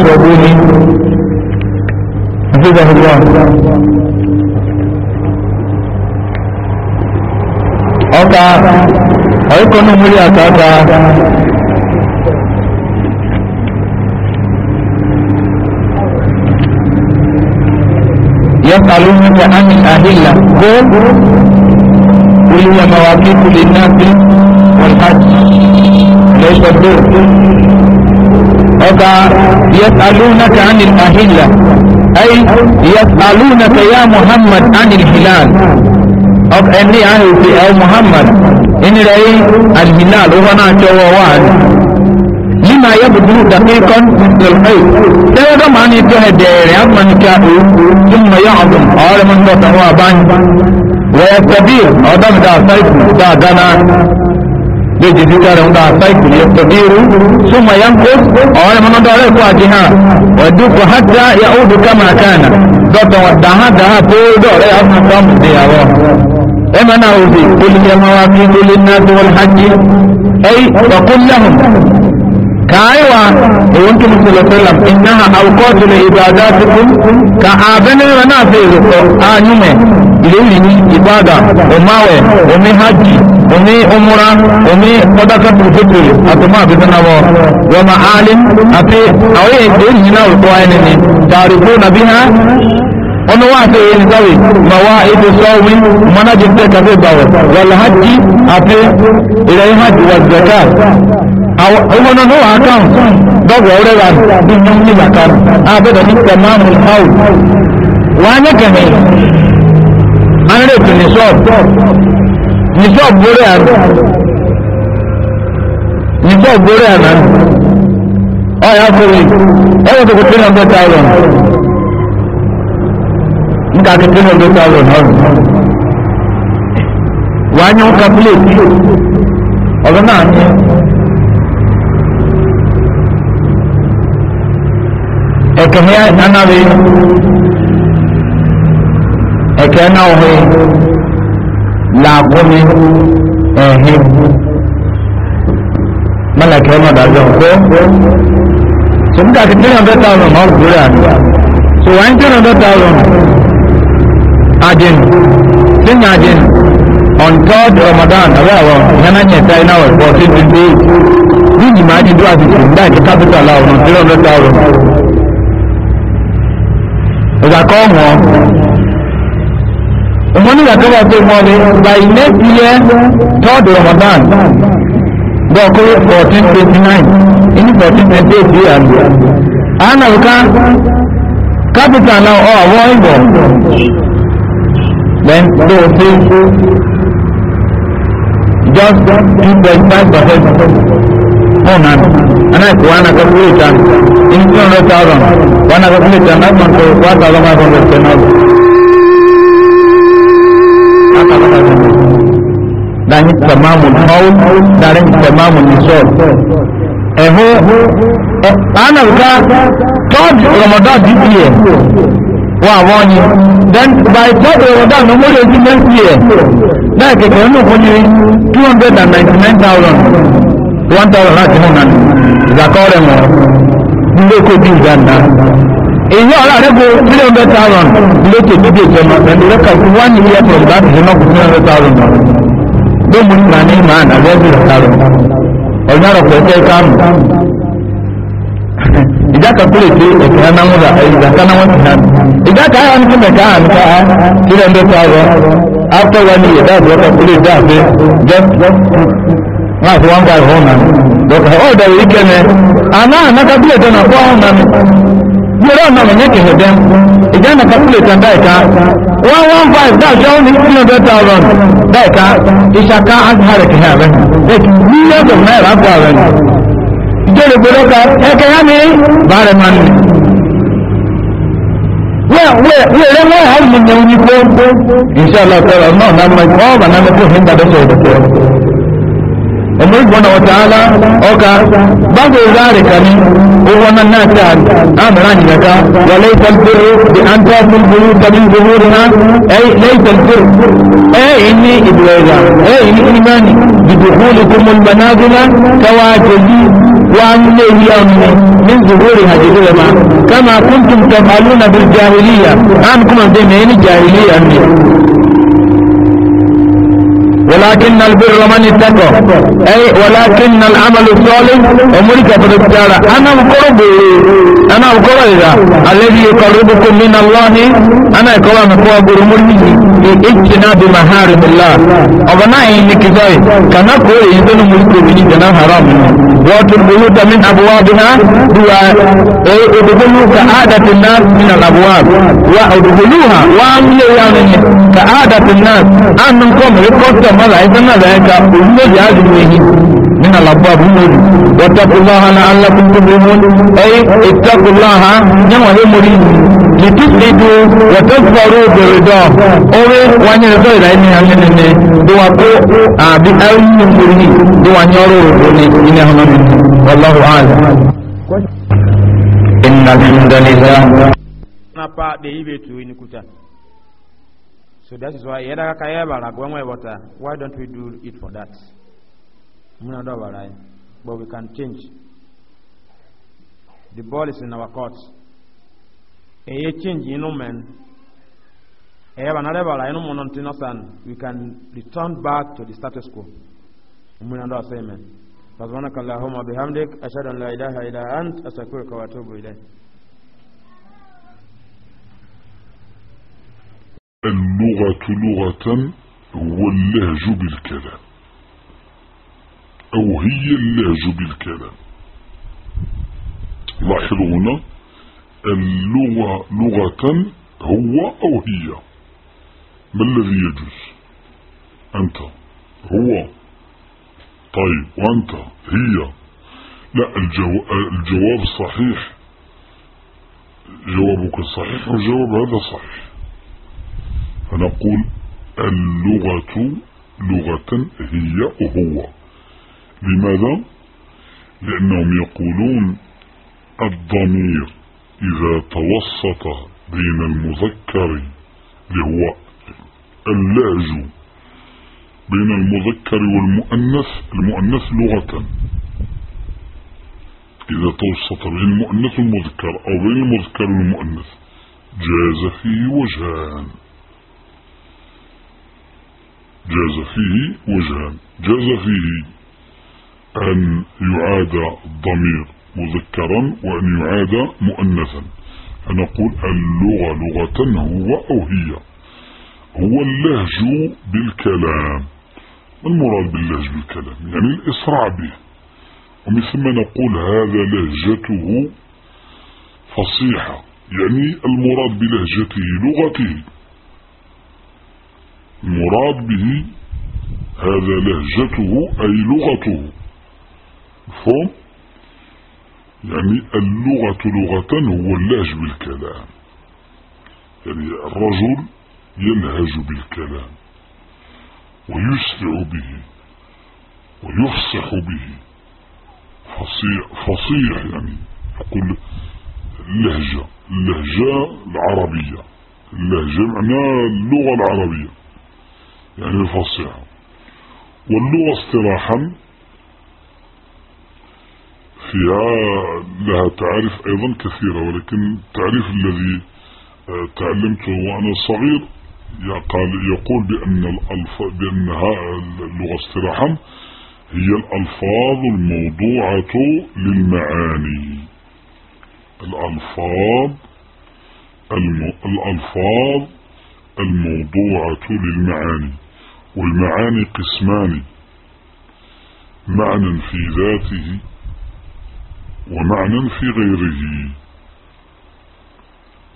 الصابوني حفظه الله ọta ọ̀ríkọ́nù múlẹ̀ àtàtà yọ́kàlù múlẹ̀ àmì àhílà kó olùwàmọ̀wà kíkù lè náà bí wọ́n أوكا يسألونك عن الأهلة أي يسألونك يا محمد عن الهلال أوكا إني أهل في أو محمد إن رأي الهلال وهنا جووان lima yabudu daqiqan min al-khayr sai ga mani to hedere am man ka thumma ya'dum ar man ta wa ban wa yastabir adam da saifu da dana zai ji duka da wanda cycle ya tabiru summa yanqus a wani mun da rai ko a jiha wa duku hatta yaudu kama kana dota wadda hada ha ko do rai amma kan da yawa ai mana ubi kul ya mawaqitu lin nas wal hajj ai wa qul lahum kaiwa da wanki musulun innaha awqatu li ibadatikum ka abana wa na fi ruko anyume ah, ilimi ibada umawe umi haji omi umura omi kọdaka tulufitri atuma abisanabọ wa ma'alim àti àwọn èdè ìyìnà òkú ayẹni ni tàrífù nàbí ha ọ̀nà wà sí èyí nìsáwì ma wá ètò sọ́wí mọ́nájì tẹ́ kàfẹ́ gbàwọ̀ wàlá hajj àti ìrẹ̀ hajj wà zaka ọmọ náà wà kàn dọ́gba ọ̀rẹ́ wa bí wọ́n ní zaka abẹ́dọ̀ ní tẹ̀máàmù hàù wà á ní kẹ̀mẹ́ anrẹ̀ tìǹsọ̀ nìfọ́ gbórí àná nìfọ́ gbórí àná ọ̀yà fúri ẹ̀rọ tó kò three hundred thousand nka kò three hundred thousand ọ̀rọ̀ wàá nyọ̀ kábílẹ̀tì ọ̀rọ̀ náà nyẹ. ẹ̀kẹ́ hẹ́ nanawe ẹ̀kẹ́ náà wọ́n hẹ́ làbúmi ẹ̀hìn mọ́lẹ̀kẹ́ mọ̀dájọ́ kó so nígbà tí three hundred thousand ọ̀rọ̀ lórí àdúrà so wọ́n three hundred thousand àdínù sínú àdínù on third ramadan àbẹ́ àwọn ìyáná yẹn ta iná wẹ̀ fourteen twenty eight bí ìjìmọ̀ àti ìdúrà ti tì nígbà tí capital àwọn three hundred thousand ìgbà kọ́ wọn òmùní ìyàtọ̀wọ̀ pé wọ́n lè by next year third ramadan bọ́ kóró fourteen twenty nine inú fourteen twenty eight yìí àná àná òkà capital náà ọ̀ àwọn ìbọ̀ then tó o ṣe just two point five percent fún náà àná ìkó wọn náà kọ́kọ́ lè ta inú two hundred thousand wọn náà kọ́kọ́ lè ta náà kọ́kọ́ one thousand five hundred ten dollars dan tamamun haul dan tamamun nisol eho ana ka third ramadan this year wa woni Dan by third ramadan no more the next year na ke ko no ko ni 299000 1000 ra ti mo nan zakore mo ndo ko bi dan na èyí ọ̀rọ̀ àrẹ́gbò three hundred thousand lókè dídé ìjọba pẹ̀lú rẹ́kà one year from that is enough three hundred thousand lóòmù nígbà ní ìmọ̀ àná lẹ́bí ìtàrọ̀ ọ̀gbìn àrọ̀pọ̀ ẹ̀kẹ́ kánú ìjà kàkúrẹ̀ tí ẹ̀kẹ́ anáwọ̀dà ìjà kanáwọ̀ ti hàn ìjà káyà ní kíndẹ̀ká àmì káyà three hundred thousand after one year dáàbò kàkúrẹ̀ dáàbò get láti one five hundred dọ̀kà ọ̀dọ̀ ìkẹ́ni àná àná kàkúrẹ̀ tó nà four náà mọ̀ ní kìhìn dẹ́m ìjà náà calculator dáìka one one five dáà ṣe ọ́n ní three hundred thousand dáìka ìṣàká azhar kìhìn rẹ̀ eight million of naira kọ́ rẹ̀ ni. ìjọba ìgbèrò kan ẹ̀kẹ́ yá ni bàárẹ̀ máa ń ní. wẹ́ẹ̀rẹ́ wọ́n yà á umar ibn wa ta'ala oka bago zare kani o wannan na ta amara ni daga wa laysa al-birru bi an ta'tul buyut min zuhurina ay laysa al-birru ay inni ibwaza ay inni imani bi dukhulikum al-manazila kawajibi wa an layyamu min zuhuri hajjilama kama kuntum tafaluna bil jahiliya an kuma zai mai ni jahiliya ne ولكن البر من اتقى اي ولكن العمل الصالح امرك فتبتالا انا مقرب انا مقرب الذي يقربكم من الله انا يقرب مقرب مرمي ijtinabi maharimillah ọba náà yìí ní kìsọ́yì kàná kó èyí tó ní múlùkù yìí jẹ̀nà haram ni wọ́n tún bú yúta min abuwa bí ha duwa ee odugulu ka aadatin nas min alabuwa wa odugulu ha wa an yi ya ni ne ka aadatin nas an nun kọ́ mẹ́rin kọ́sítọ̀ mọ́lá ẹ̀ sẹ́nà lẹ́yìn ka òun ló yà á di nìyí من الأبواب مولي واتقوا الله لعلكم تفلحون أي اتقوا الله نوى مريد litiflidu watafaru birido owe wanye rezo ila ini hanye nene duwa ko abi ayu mbuni duwa nyoro rubuni ine hono nene wallahu ala inna alhamdulillah napa de ibe tu ini kuta so that is why yada kaka yaba la gwanwe wata why don't we do it for that muna do balai but we can change the ball is in our court eye change inu men eye bana lebala inu mono ntino san we can return back to the status quo umwina ndo asemen فسبحانك اللهم وبحمدك أشهد أن لا إله إلا أنت أستغفرك وأتوب إليك اللغة لغة هو اللهج بالكلام أو هي اللهج بالكلام لاحظوا هنا اللغة لغة هو أو هي ما الذي يجوز أنت هو طيب وأنت هي لا الجو... الجواب صحيح جوابك صحيح وجواب هذا صحيح فنقول اللغة لغة هي هو لماذا؟ لأنهم يقولون الضمير إذا توسط بين المذكر اللي هو اللاج بين المذكر والمؤنث المؤنث لغة إذا توسط بين المؤنث والمذكر أو بين المذكر والمؤنث جاز فيه وجهان جاز فيه وجهان جاز فيه أن يعاد الضمير مذكرا وأن يعاد مؤنثا فنقول اللغة لغة هو أو هي هو اللهج بالكلام ما المراد باللهج بالكلام يعني الإسرع به ومن ثم نقول هذا لهجته فصيحة يعني المراد بلهجته لغته المراد به هذا لهجته أي لغته فهم يعني اللغة لغة هو اللهج بالكلام يعني الرجل يلهج بالكلام ويسرع به ويفصح به فصيح, فصيح يعني يقول اللهجة اللهجة العربية اللهجة معناها اللغة العربية يعني الفصيحة واللغة اصطلاحا فيها لها تعريف أيضا كثيرة ولكن التعريف الذي آه، تعلمته وأنا صغير يقول بأن الألف بأنها اللغة اصطلاحا هي الألفاظ الموضوعة للمعاني الألفاظ الألفاظ الموضوعة للمعاني والمعاني قسمان معنى في ذاته ومعنى في غيره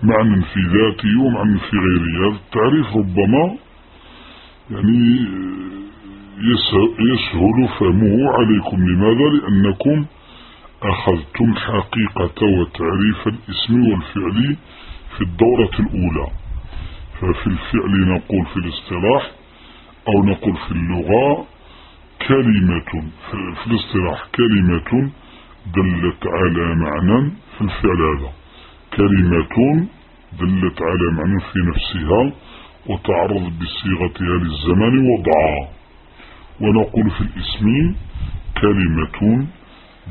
معنى في ذاته ومعنى في غيره هذا التعريف ربما يعني يسهل فهمه عليكم لماذا؟ لأنكم أخذتم حقيقة وتعريف الاسم والفعل في الدورة الأولى ففي الفعل نقول في الاصطلاح أو نقول في اللغة كلمة في الاصطلاح كلمة دلت على معنى في الفعل هذا كلمة دلت على معنى في نفسها وتعرض بصيغتها للزمان وضعها ونقول في الاسم كلمة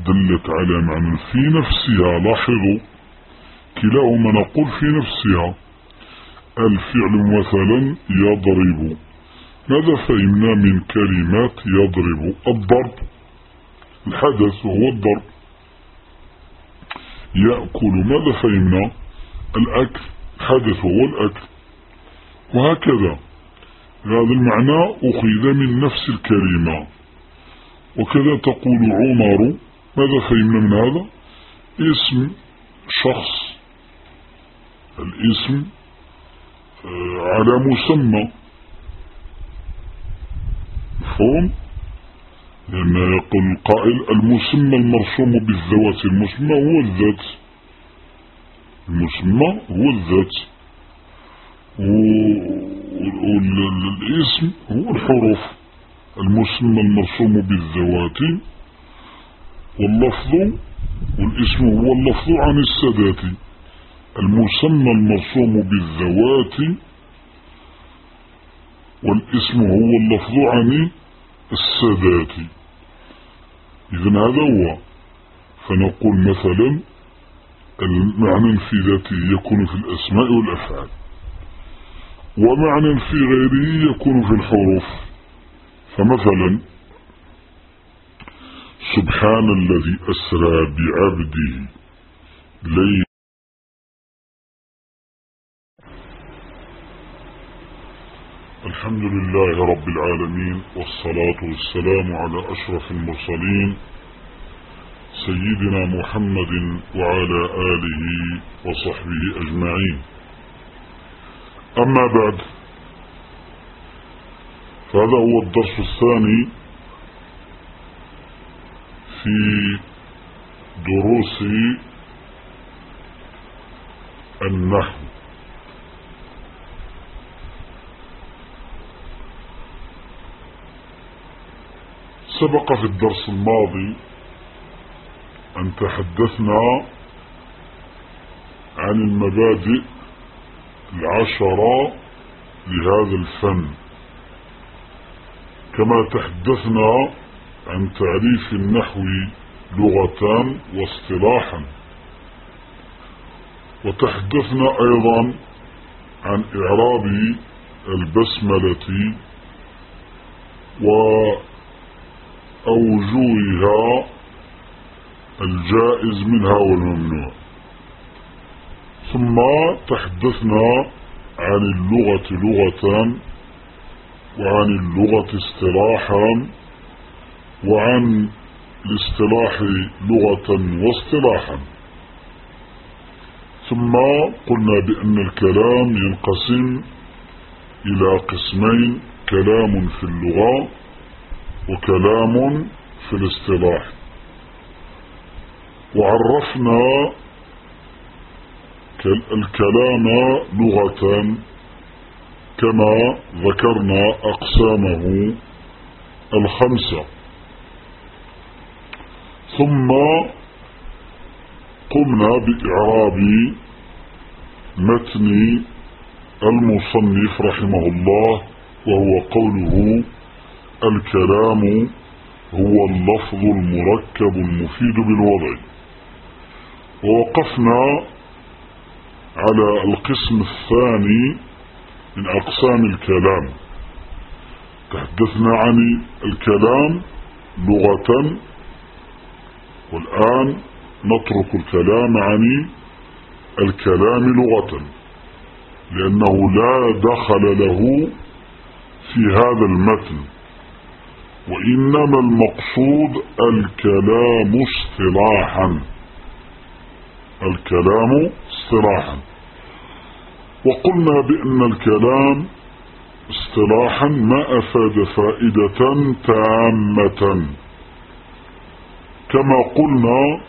دلت على معنى في نفسها لاحظوا كلاهما نقول في نفسها الفعل مثلا يضرب ماذا فهمنا من كلمات يضرب الضرب الحدث هو الضرب يأكل ماذا فهمنا الأكل حدث هو الأكل وهكذا هذا المعنى أخذ من نفس الكلمة وكذا تقول عمر ماذا فهمنا من هذا اسم شخص الاسم آه، على مسمى فهم لما يقول القائل المسمى المرسوم بالذوات المسمى هو الذات المسمى هو الذات والاسم هو الحروف المسمى المرسوم بالذوات واللفظ والاسم هو اللفظ عن السادات المسمى المرسوم بالذوات والاسم هو اللفظ عن السادات إذا هذا هو فنقول مثلا المعنى في ذاته يكون في الأسماء والأفعال ومعنى في غيره يكون في الحروف فمثلا سبحان الذي أسرى بعبده ليلا الحمد لله رب العالمين والصلاة والسلام على أشرف المرسلين سيدنا محمد وعلى آله وصحبه أجمعين أما بعد فهذا هو الدرس الثاني في دروس النحو سبق في الدرس الماضي أن تحدثنا عن المبادئ العشرة لهذا الفن كما تحدثنا عن تعريف النحو لغة واصطلاحا وتحدثنا أيضا عن إعراب البسملة و أوجهها الجائز منها والممنوع ثم تحدثنا عن اللغة لغة وعن اللغة اصطلاحا وعن الاصطلاح لغة واصطلاحا ثم قلنا بأن الكلام ينقسم إلى قسمين كلام في اللغة وكلام في الاصطلاح وعرفنا الكلام لغة كما ذكرنا أقسامه الخمسة ثم قمنا بإعراب متن المصنف رحمه الله وهو قوله الكلام هو اللفظ المركب المفيد بالوضع ووقفنا على القسم الثاني من أقسام الكلام تحدثنا عن الكلام لغة والآن نترك الكلام عن الكلام لغة لأنه لا دخل له في هذا المتن وإنما المقصود الكلام اصطلاحا الكلام اصطلاحا وقلنا بأن الكلام اصطلاحا ما أفاد فائدة تامة كما قلنا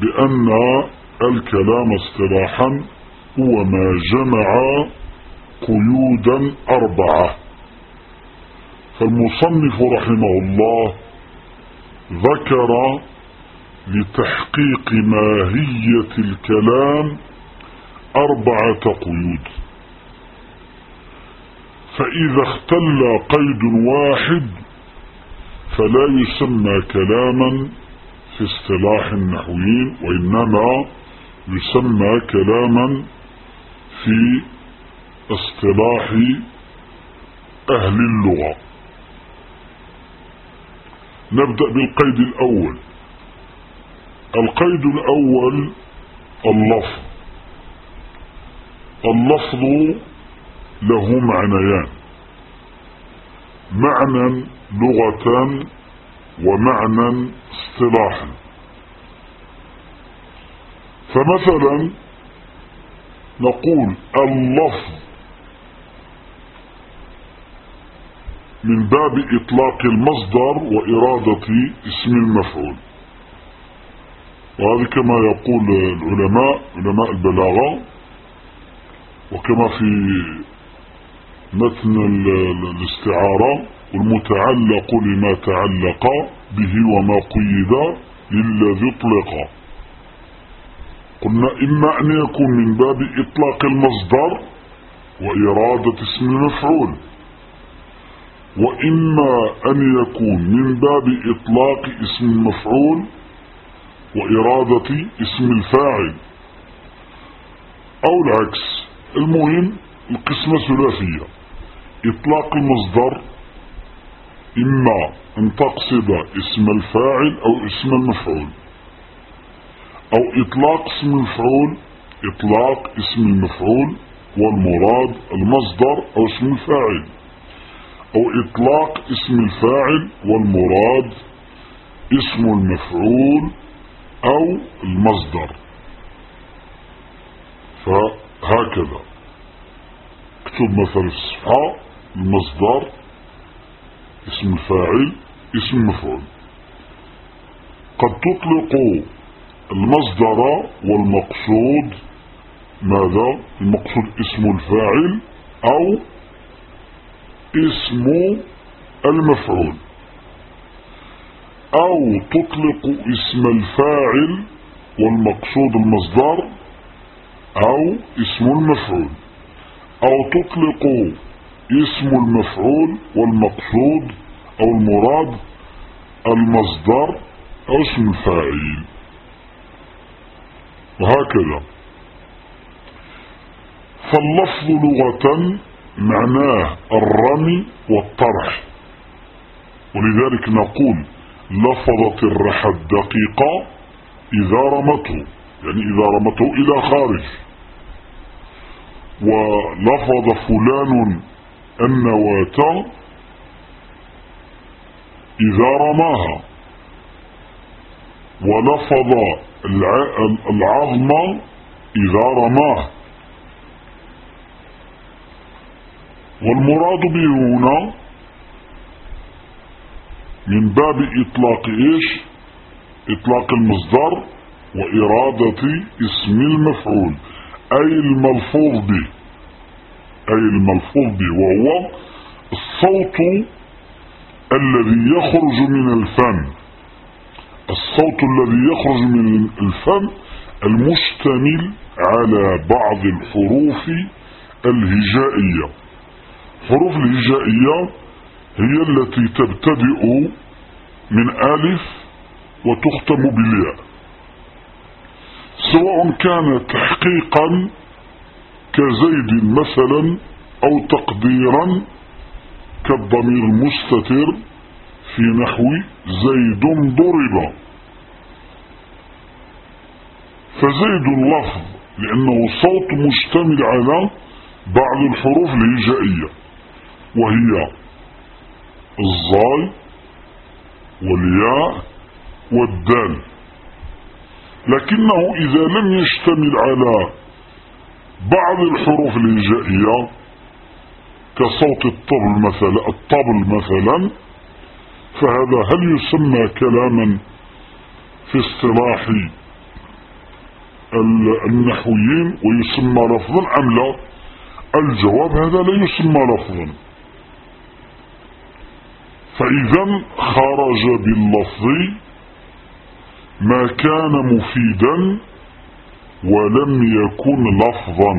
بأن الكلام اصطلاحا هو ما جمع قيودا أربعة فالمصنف رحمه الله ذكر لتحقيق ماهية الكلام أربعة قيود فإذا اختل قيد واحد فلا يسمى كلاما في اصطلاح النحويين وإنما يسمى كلاما في اصطلاح أهل اللغة نبدأ بالقيد الأول القيد الأول اللفظ اللفظ له معنيان معنى لغة ومعنى اصطلاحا فمثلا نقول اللفظ من باب إطلاق المصدر وإرادة اسم المفعول وهذا كما يقول العلماء علماء البلاغة وكما في متن الاستعارة والمتعلق لما تعلق به وما قيد للذي اطلق قلنا إما أن يكون من باب إطلاق المصدر وإرادة اسم المفعول وإما أن يكون من باب إطلاق اسم المفعول وإرادة اسم الفاعل أو العكس المهم القسمة ثلاثية إطلاق المصدر إما أن تقصد اسم الفاعل أو اسم المفعول أو إطلاق اسم المفعول إطلاق اسم المفعول والمراد المصدر أو اسم الفاعل أو إطلاق اسم الفاعل والمراد اسم المفعول أو المصدر فهكذا اكتب مثلا الصفحة المصدر اسم الفاعل اسم المفعول قد تطلق المصدر والمقصود ماذا المقصود اسم الفاعل أو اسم المفعول أو تطلق اسم الفاعل والمقصود المصدر أو اسم المفعول أو تطلق اسم المفعول والمقصود أو المراد المصدر أو اسم الفاعل وهكذا فاللفظ لغة معناه الرمي والطرح ولذلك نقول لفظت الرحى الدقيقة إذا رمته يعني إذا رمته إلى خارج ولفظ فلان النواة إذا رماها ولفظ العظم إذا رماه والمراد به هنا من باب إطلاق إيش إطلاق المصدر وإرادة اسم المفعول أي الملفوظ به أي الملفوظ به وهو الصوت الذي يخرج من الفم الصوت الذي يخرج من الفم المشتمل على بعض الحروف الهجائيه الحروف الهجائية هي التي تبتدئ من ألف وتختم بالياء سواء كان تحقيقا كزيد مثلا أو تقديرا كالضمير المستتر في نحو زيد ضرب فزيد اللفظ لأنه صوت مشتمل على بعض الحروف الهجائية وهي الظاي والياء والدال لكنه إذا لم يشتمل على بعض الحروف الهجائية كصوت الطبل مثلا الطبل مثلا فهذا هل يسمى كلاما في اصطلاح النحويين ويسمى لفظا أم لا الجواب هذا لا يسمى لفظا فإذا خرج باللفظ ما كان مفيدا ولم يكن لفظا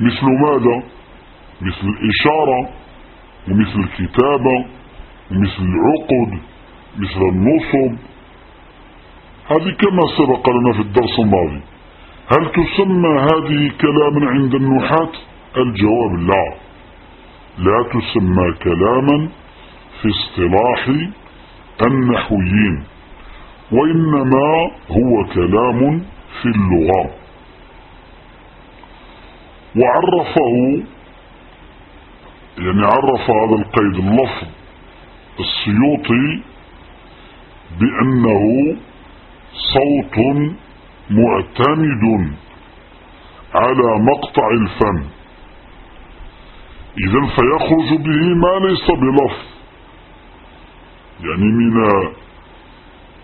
مثل ماذا؟ مثل الإشارة ومثل الكتابة ومثل العقد مثل النصب هذه كما سبق لنا في الدرس الماضي هل تسمى هذه كلاما عند النحاة؟ الجواب لا لا تسمى كلاما في اصطلاح النحويين وإنما هو كلام في اللغة وعرفه يعني عرف هذا القيد اللفظ السيوطي بأنه صوت معتمد على مقطع الفم إذا فيخرج به ما ليس بلفظ يعني من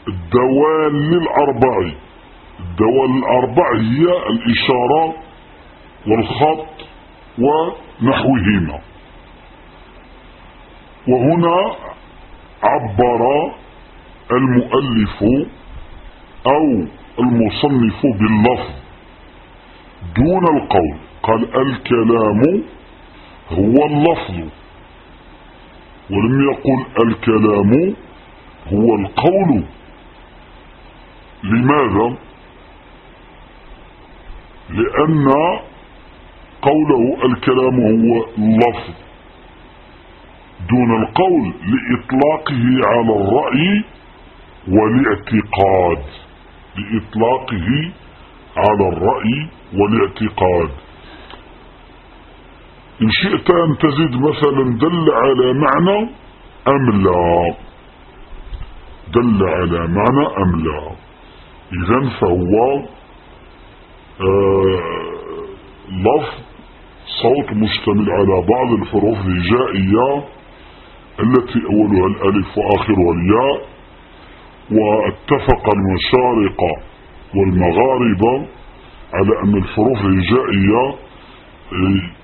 الدوال الأربع الدوال الأربع هي الإشارة والخط ونحوهما وهنا عبر المؤلف أو المصنف باللفظ دون القول قال الكلام هو اللفظ ولم يقل الكلام هو القول لماذا لأن قوله الكلام هو اللفظ دون القول لإطلاقه على الرأي والاعتقاد لإطلاقه على الرأي والاعتقاد إن شئت أن تزيد مثلا دل على معنى أم لا دل على معنى أم لا إذا فهو آه، لفظ صوت مشتمل على بعض الحروف الهجائية التي أولها الألف وآخرها الياء واتفق المشارقة والمغاربة على أن الحروف الهجائية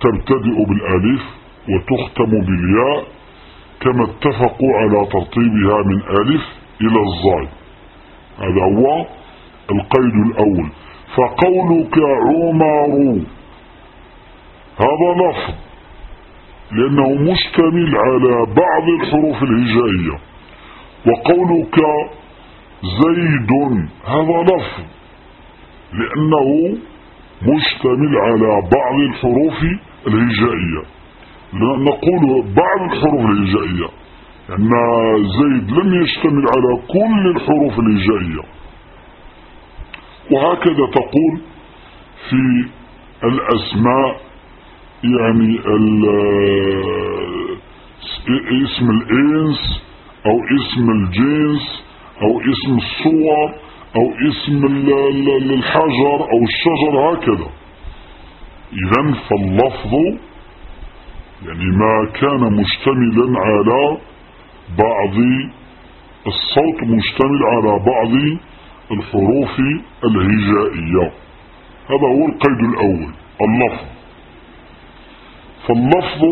تبتدئ بالالف وتختم بالياء كما اتفقوا على ترتيبها من الف الى الظاء هذا هو القيد الاول فقولك عمر هذا لفظ لأنه مشتمل على بعض الحروف الهجائية وقولك زيد هذا لفظ لأنه مشتمل على بعض الحروف الهجائية نقول بعض الحروف الهجائية أن زيد لم يشتمل على كل الحروف الهجائية وهكذا تقول في الأسماء يعني اسم الإنس أو اسم الجنس أو اسم الصور أو اسم الحجر أو الشجر هكذا إذا فاللفظ يعني ما كان مشتملا على بعض الصوت مشتمل على بعض الحروف الهجائية هذا هو القيد الأول اللفظ فاللفظ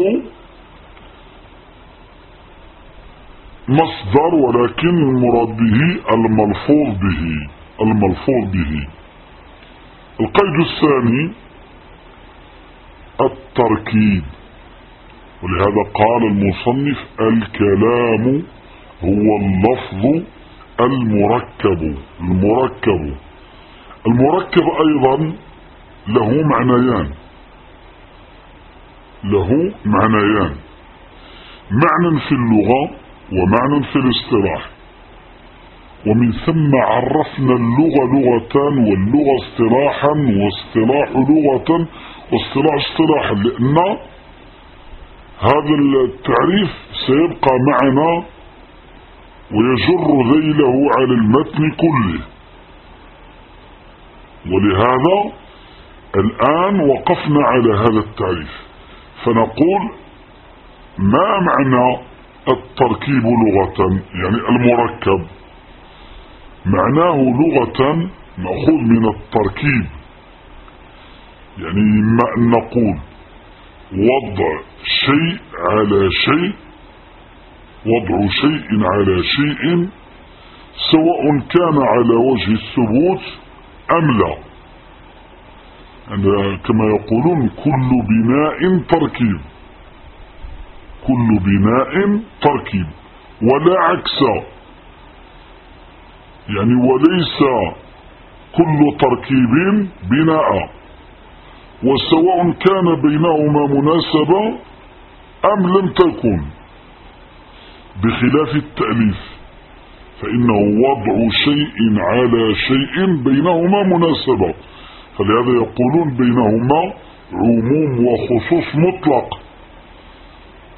مصدر ولكن المراد به الملفوظ به الملفوظ به القيد الثاني التركيب ولهذا قال المصنف الكلام هو اللفظ المركب المركب المركب أيضا له معنيان له معنيان معنى في اللغة ومعنى في الاصطلاح ومن ثم عرفنا اللغة لغة واللغة اصطلاحا واصطلاح لغة واصطلاح اصطلاحا لأن هذا التعريف سيبقى معنا ويجر ذيله على المتن كله ولهذا الآن وقفنا على هذا التعريف فنقول ما معنى التركيب لغة يعني المركب معناه لغة نأخذ من التركيب يعني ما نقول وضع شيء على شيء وضع شيء على شيء سواء كان على وجه الثبوت أم لا يعني كما يقولون كل بناء تركيب كل بناء تركيب ولا عكس يعني وليس كل تركيب بناء وسواء كان بينهما مناسبة أم لم تكن بخلاف التأليف فإنه وضع شيء على شيء بينهما مناسبة فلهذا يقولون بينهما عموم وخصوص مطلق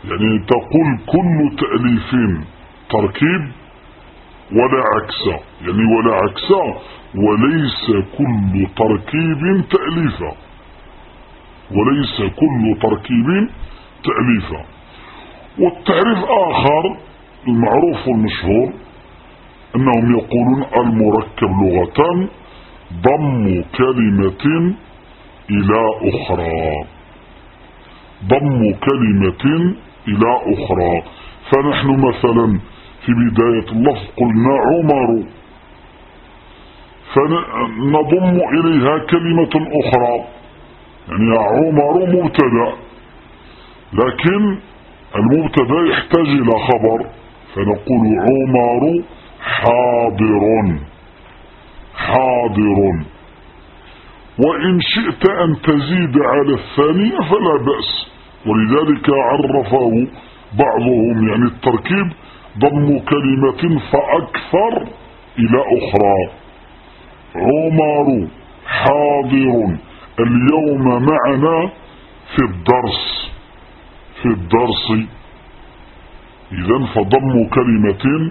يعني تقول كل تأليف تركيب ولا عكسه يعني ولا عكسه وليس كل تركيب تأليفا وليس كل تركيب تأليفا والتعريف آخر المعروف والمشهور أنهم يقولون المركب لغة ضم كلمة إلى أخرى ضم كلمة إلى أخرى فنحن مثلا في بداية اللفظ قلنا عمر فنضم إليها كلمة أخرى يعني عمر مبتدا لكن المبتدا يحتاج إلى خبر فنقول عمر حاضر حاضر وإن شئت أن تزيد على الثانية فلا بأس ولذلك عرفه بعضهم يعني التركيب ضم كلمة فأكثر إلى أخرى عمر حاضر اليوم معنا في الدرس في الدرس إذا فضم كلمة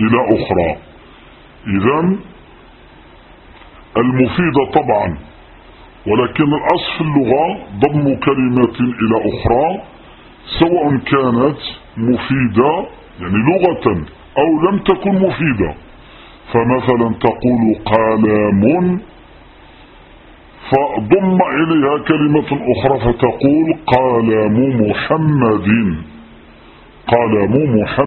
إلى أخرى إذا المفيدة طبعا ولكن الأصل في اللغة ضم كلمة إلى أخرى سواء كانت مفيدة يعني لغة أو لم تكن مفيدة فمثلا تقول قلم فضم إليها كلمة أخرى فتقول قلم محمد قلم محمد